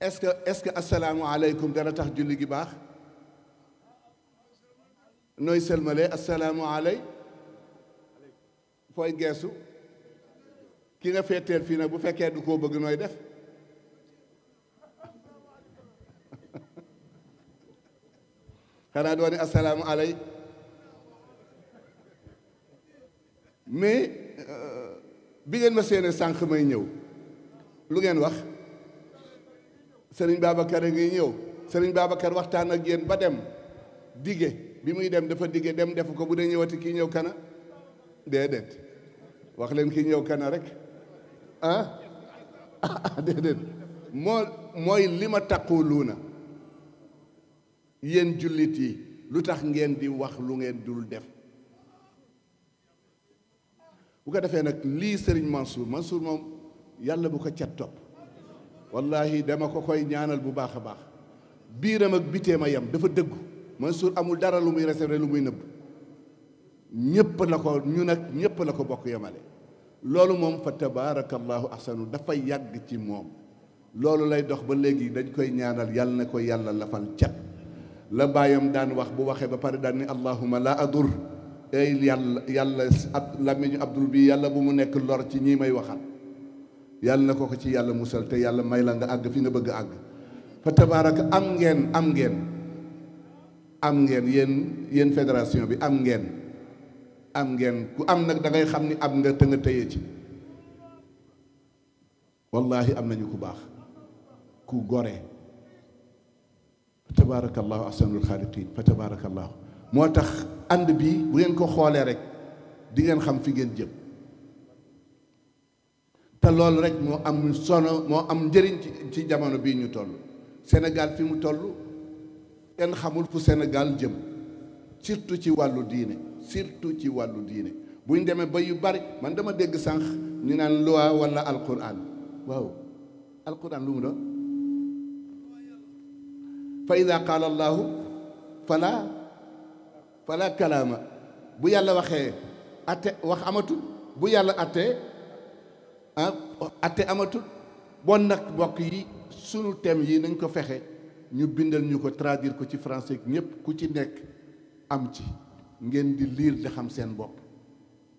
est-ce que est-ce que asalaamualeykum dana tax julli gi baax nooy selmale asalaamualey fooy geesu ki nga féeteel fii nag bu fekkee du koo bëgg nooy def xanaa doo ne asalaamualey mais euh, bi ngeen ma séenee sànq may ñëw lu ngeen wax. sëriñ Babacar a ngi ñëw sëriñ Babacar waxtaan ak yéen ba dem dige bi muy dem dafa dige dem defu ko bu dee ñëwati kii ñëw kana déedéet wax leen kii ñëw kana rek ah déedéet moo mooy li ma taquluuna yéen jullit yi lu tax ngeen di wax lu ngeen dul def bu ko defee nag lii sëriñ Mansour Mansour moom yàlla bu ko cat topp wallahi dama ko koy ñaanal bu baax a baax biiram ak biteem a yem dafa dëggu Mansour amul dara lu muy réservé lu muy nëbb ñëpp la ko ñu nag ñëpp la ko bokk yemale loolu moom fa tabarakallahu ahsanu dafa yàgg ci moom loolu lay dox ba léegi dañ koy ñaanal yàlla na ko yàlla lafal cat la baayam daan wax bu waxee ba pare daan ni allahuma la adur ay yàlla yàlla ab làmmiñu abdul bi yàlla bu mu nekk lor ci ñi may waxal yàlla na ko ko ci yàlla musal te yàlla may la nga àgg fi nga bëgg àgg fa tabaaraka am ngeen am ngeen am ngeen yéen yéen fédération bi am ngeen am ngeen ku am nag da xam ni am nga te nga tëye ci wallahi am nañu ku baax ku gore fa tabaarakallahu ahsanul xaaliqiin fa tabaarakallahu moo tax ànd bi bu ngeen ko xoolee rek di ngeen xam fi ngeen jëm te loolu rek moo am sono moo am njëriñ ci ci jamono bii ñu toll Sénégal fi mu toll kenn xamul fu Sénégal jëm surtout ci wàllu diine surtout ci wàllu diine buñ demee ba yu bari man dama dégg sànq ñu naan loi wala alquran waaw alquran lu mu doon fa ida qaala allaahu fala fala kalaama bu yàlla waxee atte wax amatul bu yàlla attee ah amatul bon nag mbokk yi sunu tem yi nañ ko fexe ñu bindal ñu ko traduire ko ci français ñëpp ku ci nekk am ci ngeen di liir di xam seen bopp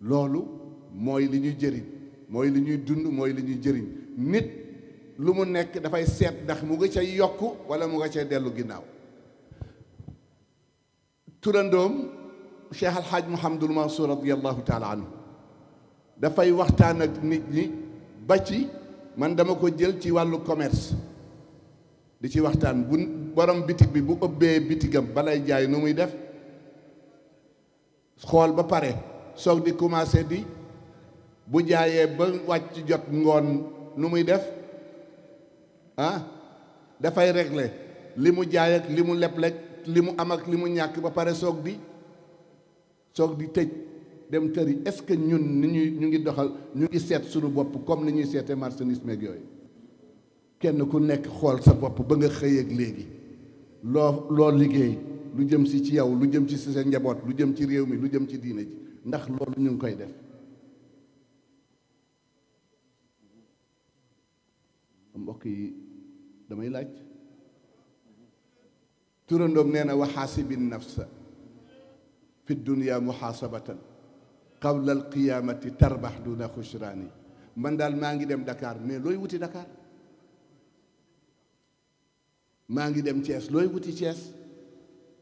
loolu mooy li ñuy jëriñ mooy li ñuy dund mooy li ñuy jëriñ nit lu mu nekk dafay seet ndax mu nga cay yokk wala mu nga cay dellu ginnaaw turandoom Cheikh Alhaaj Mouhamadul Mansour radiallahu taala anhu dafay waxtaan ak nit ñi ba ci man dama ko jël ci wàllu commerce di ci waxtaan bu borom bitig bi bu ëbbee bitigam balay jaay nu muy def xool ba pare soog di commencé di bu jaayee ba wàcc jot ngoon nu muy def ah dafay régler li mu jaay ak li mu leblek li mu am ak li mu ñàkk ba pare soog di soog di tëj dem tëri est-ce que ñun ni ñuy ñu ngi doxal ñu ngi seet suñu bopp comme ni ñuy seete marchandise meeg kenn ku nekk xool sa bopp ba nga xëyeek léegi loo loo liggéey lu jëm si ci yow lu jëm ci sa njaboot lu jëm ci réew mi lu jëm ci diine ji ndax loolu ñu ngi koy def mbokk yi damay laaj turandoom nee na waxaasibin nafsa fi dunia muhaasabatan qawla al qiyaamati tarbax duna xusraani man daal maa ngi dem dakaar mais looy wuti Dakar maa ngi dem Thiès looy wuti Thiès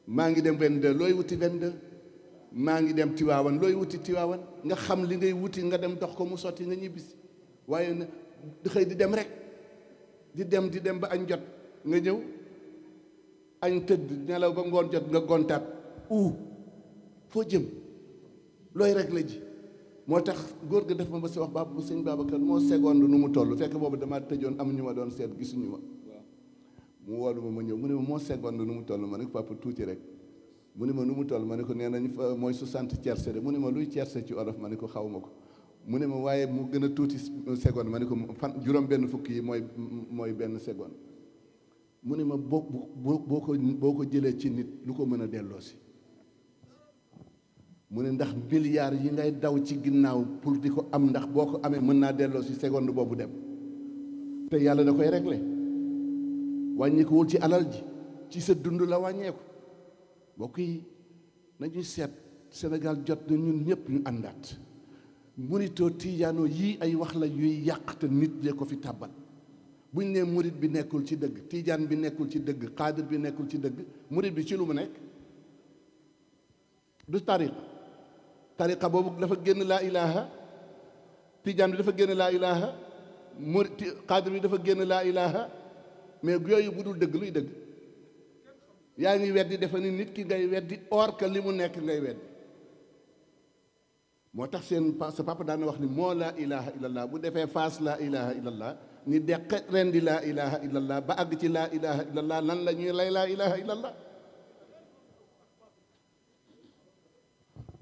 maa ngi dem 22 looy wuti 22 maa ngi dem Tiwaawan looy wuti Tiwaawan nga xam li ngay wuti nga dem dox ko mu sotti nga ñibbisi waaye na xëy di dem rek di dem di dem ba añ jot nga ñëw añ tëdd nelaw ba ngoon jot nga gontaat u foo jëm looy rek la ji moo tax góor gi def ma ba si wax baab bu sëñ Babacar moo seconde nu mu toll fekk boobu damaa tëjoon am ñu ma doon seet gisuñu ma mu woolu ma ma ñëw mu ne ma moo seconde nu mu toll ma ne ko papa tuuti rek mu ne ma nu mu toll ma ne ko nee nañ fa mooy su sant tiercé de mu ne ma luy tiercé ci olof ma ne ko xaw ma ko mu ne ma waaye mu gën a tuuti seconde ma ne ko fan juróom benn fukk yi mooy mooy benn seconde mu ne ma boo boo ko boo ko jëlee ci nit lu ko mën a delloo si mu ne ndax milliards yi ngay daw ci ginnaaw pour di ko am ndax boo ko amee mën naa delloo si seconde boobu dem te yàlla da koy régler wàññeekuwul ci alal ji ci sa dund la wàññeeku mbokk yi nañuy seet senegal jot na ñun ñëpp ñu àndaat murito tijaano yii ay wax la yuy yàq te nit ñee ko fi tàbbal buñ ne murit bi nekkul ci dëgg tijaan bi nekkul ci dëgg xaadir bi nekkul ci dëgg murit bi ci lu mu nekk du tariqa tariqa boobu dafa génn laa ilaha tijaan bi dafa génn laa ilaha muri xaadir bi dafa génn laa ilaha mais yooyu bu dul dëgg luy dëgg yaa ngi weddi dafa ni nit ki ngay weddi or que li mu nekk ngay weddi moo tax seen sa papa daan wax ni moo laa ilaha illallah bu defee faas laa ilaha illallah ni deqe ren di laa ilaha illallah ba àgg ci laa ilaha illallah lan la ñuy lay laa ilaha illallah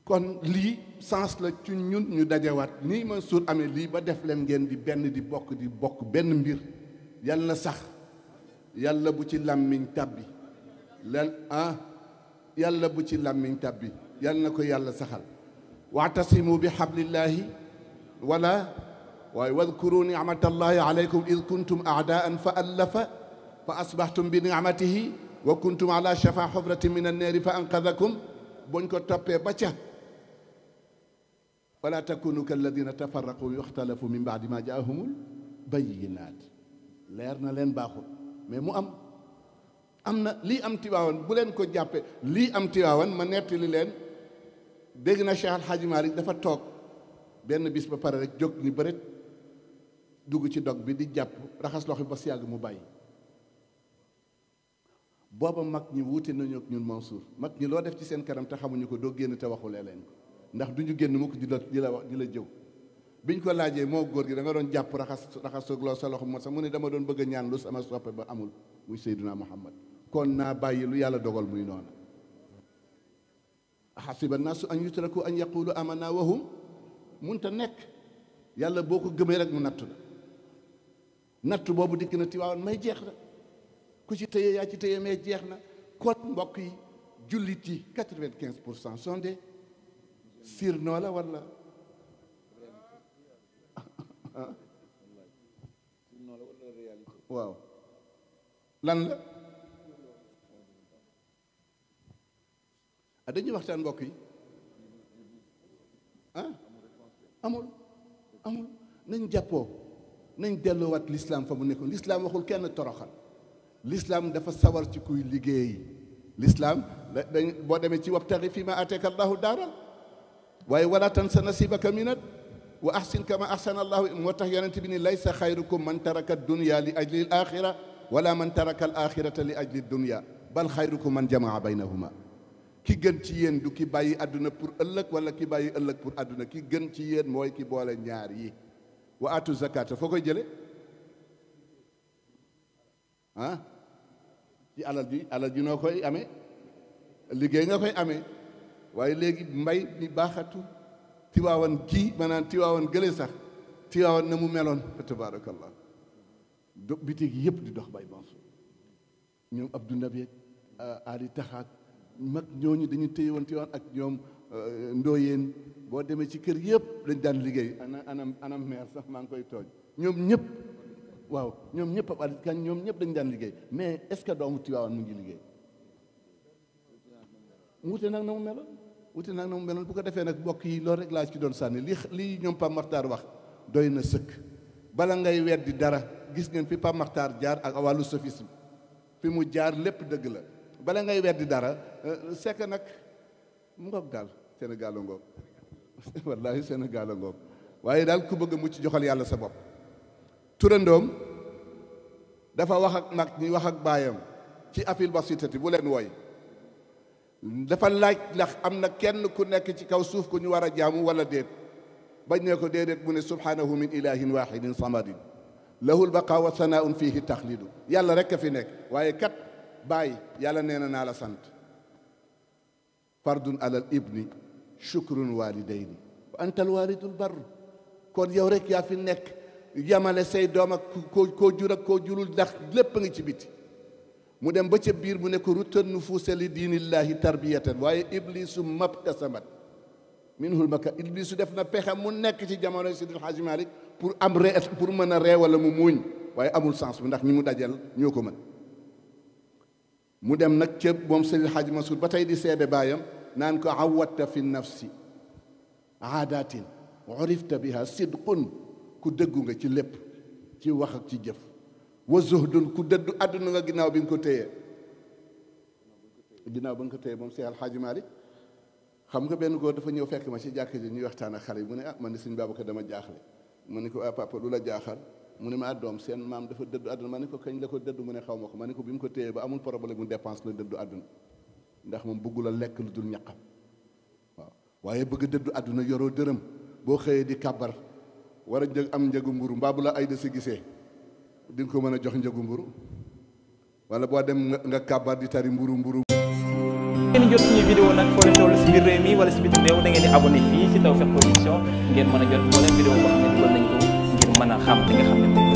kon lii sans la ci ñun ñu dajawaat nii Mansour amee lii ba def leen ngeen di benn di bokk di bokk benn mbir yal na sax yàlla bu ci làmmiñ tàbbi leen ah yàlla bu ci làmmiñ tàbbi yal na ko yàlla saxal waatasimu bi xablillahi wala waaye wadkuru nicmatallahi alaykum id kuntum aadaan fa allafa fa asbaxtum bi nicmatihi wa kuntum ala shafa xufratin min annaari fa anqadakum buñ ko toppee ba ca wala takunu kalladina tafarraqu yuxtalafu min baadi ma bay jaahumul bayinaat leer na leen baaxul mais mu am am na lii am tiwaawan bu leen ko jàppee lii am tiwaawan ma nettali leen dégg na Cheikh Al Hadj dafa toog benn bis ba pare rek jóg ni bëret dugg ci dog bi di jàpp raxas loxo ba si yàgg mu bàyyi booba mag ñi wuute nañu ak ñun Mansour mag ñi loo def ci seen kanam te xamuñu ko doo génn te waxulee leen ko ndax du ñu génn mukk di la di la wax di la jëw biñ ko laajee moo góor gi danga doon jàpp raxas raxasoog loo sa loxo moo sax mu ne dama doon bëgg ñaan lu sama soppe ba amul muy Seydina Muhammad kon naa bàyyi lu yàlla dogal muy noonu xasiba naasu an yutraku an yaqulu amana wahum munta nekk yàlla boo ko gëmee rek mu nattu la nattu boobu dikk na tiwaawan may jeex na ku ci tëye yaa ci tëye may jeex na kon mbokk yi jullit yi quatre vingt quinz pour cent sont sirnoo la walla waaw lan la ah dañuy waxtaan mbokk yi ah amul amul nañ jàppoo nañ delloowaat lislaam fa mu nekkoon lislaam waxul kenn toroxal lislaam dafa sawar ci kuy liggéey lislaam dañ boo demee ci wabtaxi fi ma ateeka allahu daaral waaye wala tan sa nasibaka minat wa ahsin kama ahsana allahu moo tax yonent bi ni laysa xayrukum man taraka dunya li ajli l axira wala man taraka al axirata li ajli dunya bal xayrukum man jamaa baynahuma ki gën ci yéen du ki bàyyi àdduna pour ëllëg wala ki bàyyi ëllëg pour àdduna ki gën ci yéen mooy ki boole ñaar yi wa atu zakata foo koy jële ah ci alal ji alal ji noo koy amee liggéey nga koy amee waaye léegi mbay mi baaxatu tiwaawan gi maanaam tiwaawan gële sax tiwaawan na mu meloon fa tabaarakallah do bitig yëpp di dox bay Mansour ñoom Abdou Nabi euh, Ali Taxaat mag ñooñu dañu téye woon tiwaawan ak ñoom euh, ndooyeen boo demee ci kër yëpp dañ daan liggéey ana anam anam maire sax maa ngi koy tooñ ñoom ñëpp waaw ñoom ñëpp ab alit ñoom ñëpp dañ daan liggéey mais est-ce que doomu tiwaawan mu ngi liggéey wuute nag na mu meloon wuti nag na mu meloon bu ko defee nag mbokk yi loolu rek laa doon sànni li li ñoom Pape Makhtar wax doy na sëkk bala ngay di dara gis ngeen fi Pape Makhtar jaar ak wàllu sophisme fi mu jaar lépp dëgg la bala ngay di dara euh, sekk nag mu ngoog daal Sénégal a ngoog wallaahi Sénégal ngoog waaye daal ku bëgg mu ci joxal yàlla sa bopp turandoom dafa wax ak mag ñi wax ak baayam ci afil basitati bu leen woy dafa laaj ndax am na kenn ku nekk ci kaw suuf ku ñu war a jaamu wala déet bañ ne ko déedéet mu ne subhanahu min ilahin wahidin samadin lahul baqa wa sanaun fihi taxlidu yàlla rek a fi nekk waaye kat baay yàlla nee na naa la sant fardun alal ibni shukrun walidayni wa anta alwalidul bar kon yow rek yaa fi nekk yamale say doom ak koo koo jur ak koo jurul ndax lépp a ngi ci biti mu dem ba ca biir mu ne ko rutan nufuusa li diinillaahi tarbiyatan waaye iblisu mabtasamat minhul makka iblisu def na pexe mu nekk ci jamono Seydil Hadji Malick pour am ree pour mën a ree mu muuñ waaye amul sens bi ndax ñi mu dajal ñoo ko mën mu dem nag ca moom Seydil Hadji Mansour ba tey di seede baayam naan ko awatta fi nafsi aadatin urifta biha sidqun ku dëggu nga ci lépp ci wax ci jëf wa zuhdun ku dëddu àdduna nga ginnaaw bi nga ko téye ginnaaw ba nga ko téyee moom Seex Alxaaji Maalik xam nga benn góor dafa ñëw fekk ma si jàkk ji ñuy waxtaan ak xale yi mu ne ah man ni suñu Babacar dama ma ne ko ah papa lu la jaaxal mu ne ma ah, doom seen maam dafa dëddu àdduna ma ne ko kañ la ko dëddu mu ne xaw ma ko ma ne ko bi mu ko téyee ba amul problème mu dépense la dëddu àdduna ndax moom bëggu la lekk lu dul ñaqam waaw waaye bëgg dëddu àdduna yoroo dërëm boo xëyee di kàbbar war a njëg njëgu mburu mbaa bu la ay da si gisee di ko mën a jox njëgu mburu wala boo dem nga kàbbaar di tari mburu mburu ngeen jot suñu vidéo nag foo leen toll si biir mi wala si biti réew da di abonné fii si Tawfekh Production ngeen mën a jot moo leen vidéo boo mën a xam li nga xam